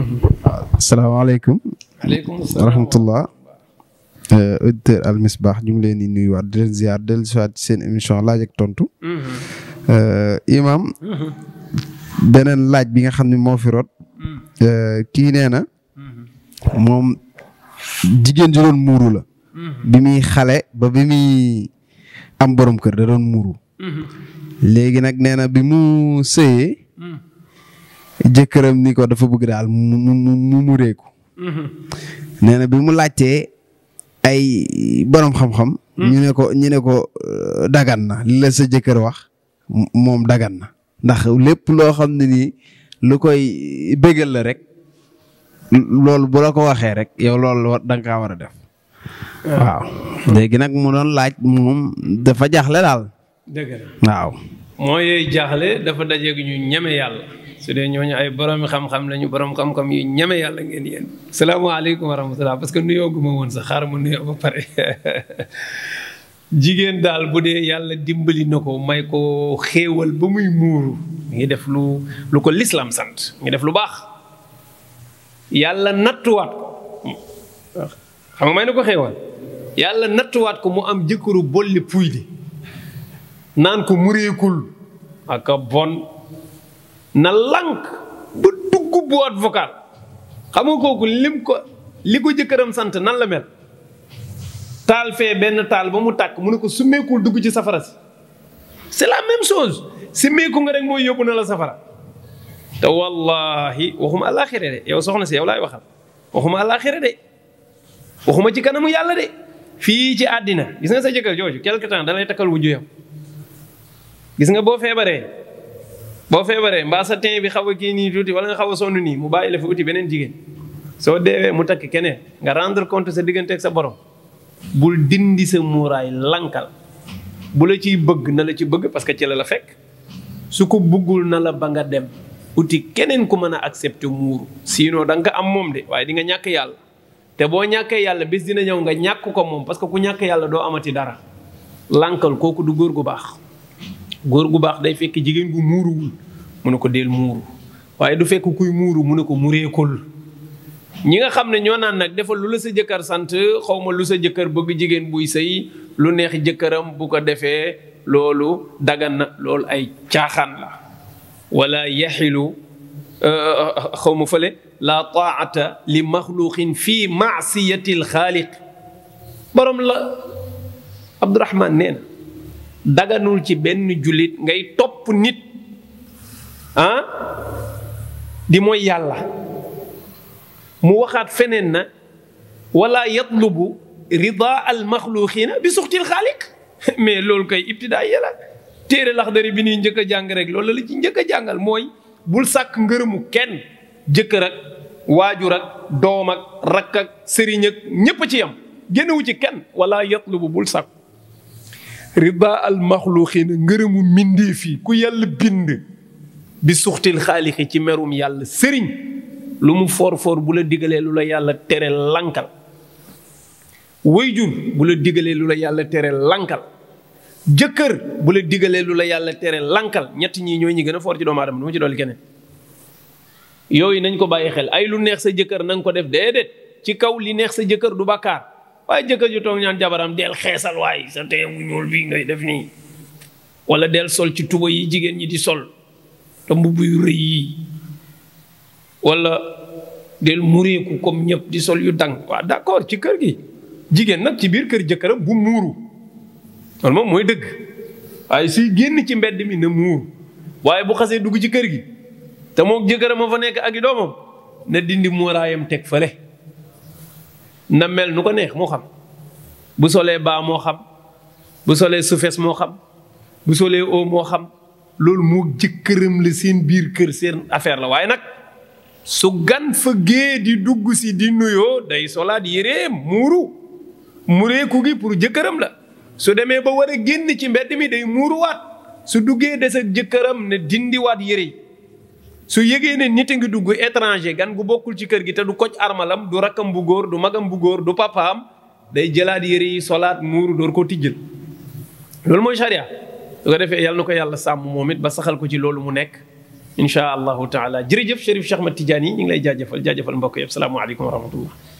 Mm-hmm. asalaamaaleykum. waaleykum salaam rahmatullah. Euh, auditeur Al Misbah ñu ngi leen di nuyuwaat di leen ziar dellu si seen émission laaj ak tontu. Mm-hmm. Euh, Imaam. Mm-hmm. beneen laaj bi nga xam ne moo fi rot. Euh, kii nee na. moom jigéen ji doon muuru la. bi muy xale ba bi muy am borom kër da doon muuru. léegi nag neena bi mu sëyee. Mm. jëkkëram ni ko dafa bëgg daal mu mu mu mu réeku mhm. bi mu laajtee ay borom xam-xam. Hmm. ñu ne ko ñu ne ko euh, dagan na sa jëkkër wax moom dagan na ndax lépp loo xam ne nii lu koy bégal la rek loolu bu ko waxee rek yow loolu da ka kaa war a def. waaw léegi nag mu doon laaj moom dafa jaaxle daal. waaw. moo yooyu jaaxle dafa dajeeg ñu ñeme yàlla su dee ñooñu ay borom xam-xam lañu borom xam-xam yu ñeme yàlla ngeen yéen. salaamaaleykum wa rahmatulah parce que nuyoo woon sax xaaral ma nuyoo pare jigéen daal bu dee yàlla dimbali na ko may ko xéewal ba muy muuru ngi def lu lu ko lislaam sant ngi def lu baax yàlla nattuwaat ko xam nga may na ko xéewal yàlla nattuwaat ko mu am jëkkëru bolli puy li naan ko mureekul aka bon na lank ba dugg boîte vocale xam kooku lim ko li ko jëkkëram sant nan la mel taal fee benn taal ba mu tàkk mu ne ko summeekul dugg ci safara si c'est la même chose summeeku nga rek mooy yóbbu na la safara te wallahi waxuma àllaaxira de yow soxna si yow laay waxal waxuma àllaaxira de waxuma ci kanamu yàlla de fii ci àddina gis nga sa jëkkër jooju quelque temps da lay takkal wujju yow gis nga boo feebaree boo feebaree mbaa sa teen bi xaw a kii nii tuuti wala nga xaw a sonn nii mu bàyyi la fi uti beneen jigéen soo deewee mu takk keneen nga rendre compte sa digganteeg sa borom bul dindi sa muuraay lankal bu la ciy bëgg na la ci bëgg parce que ci la la fekk su ko bëggul na la ba nga dem uti keneen ku mën a accepter muuru sinon da nga am moom de waaye di nga ñàkk yàlla te boo ñàkkee yàlla bis dina ñëw nga ñàkk ko moom parce que ku ñàkk yàlla doo amati dara lankal kooku du góor gu baax góor gu baax day fekk jigéen gu muuruwul mu ne ko del muuru waaye du fekk kuy muuru mu ne ko mureekul ñi nga xam ne ñoo naan nag defal lu la sa jëkkër sant xawma lu sa jëkkër bëgg jigéen buy sëy lu neex jëkkëram bu ko defee loolu dagan na loolu ay caaxaan la wala yaxilu euh, euh, xaw ma fële la taata li maxluqin fi maasiyati alxaaliq borom la Abdourahman nee daganul ci benn jullit ngay topp nit ah di mooy yàlla mu waxaat feneen na wala yatlubu rida al maxluqina bi suxtil xaaliq mais loolu koy ibtidaa yi la téere laxdari bi nuy njëkk a jàng rek loolu la ci njëkk a jàngal mooy bul sàkk ngërëmu kenn jëkkër ak waajur ak doom ak rakk sëriñ ak ñépp ci yam génnewu ci kenn wala yatlubu bul sàkk ridaa al maxluuqiina ngërëmu mbindéef yi ku yàlla bind bi suxtil xaalixi ci merum yàlla sëriñ lu mu foor foor bu la digalee lu la yàlla tere lankal wayjur bu la digalee lu la yàlla tere lankal jëkkër bu la digalee lu la yàlla tere lankal ñett ñi ñooy ñi gën a foor ci doomu aadama du ma ci dolli keneen yooyu nañ ko bàyyi xel ay lu neex sa jëkkër na ko def déedéet ci kaw li neex sa jëkkër du bàkkaar waaye jëkkër ju toog ñaan jabaram del xeesal waay sa teye mu ñuul bi ngay def nii wala del sol ci tuba yi jigéen ñi di sol te mbubb yu rëy yi wala del mureeku comme ñëpp di sol yu dang waaw d'accord ci kër gi jigéen nag ci biir kër jëkkëram bu muuru loolu moom mooy dëgg waaye suy génn ci mbedd mi na muuru waaye bu xasee dugg ci kër gi te moo jëkkëram ma fa nekk ak i doomam na dindi muuraayam teg fële na nu ko neex moo xam bu solee baa moo xam bu solee sufees moo xam bu solee oo moo xam loolu moo jëkkëram la seen biir kër seen affaire la waaye nag su gan fëggee di dugg si di nuyoo day solaat yéree muuru mureeku gi pour jëkkëram la su demee ba war a génn ci mbedd mi day muuruwaat su duggee des ak jëkkëram ne dindiwaat yére su yëgee ne nit a ngi dugg étranger gan gu bokkul ci kër gi te du koc armalam du rakkam bu góor du magam bu góor du papaam day jëlaat yére yi solaat muuru door koo tijjal loolu mooy charia su ko defee yàlla na ko yàlla sàmm moom it ba saxal ko ci loolu mu nekk insha allahu taala jërëjëf Chérif Cheikh ma Tidiane yi ñu ngi lay jaajëfal jaajëfal mbokk yëpp salaamaaleykum wa rahmatullah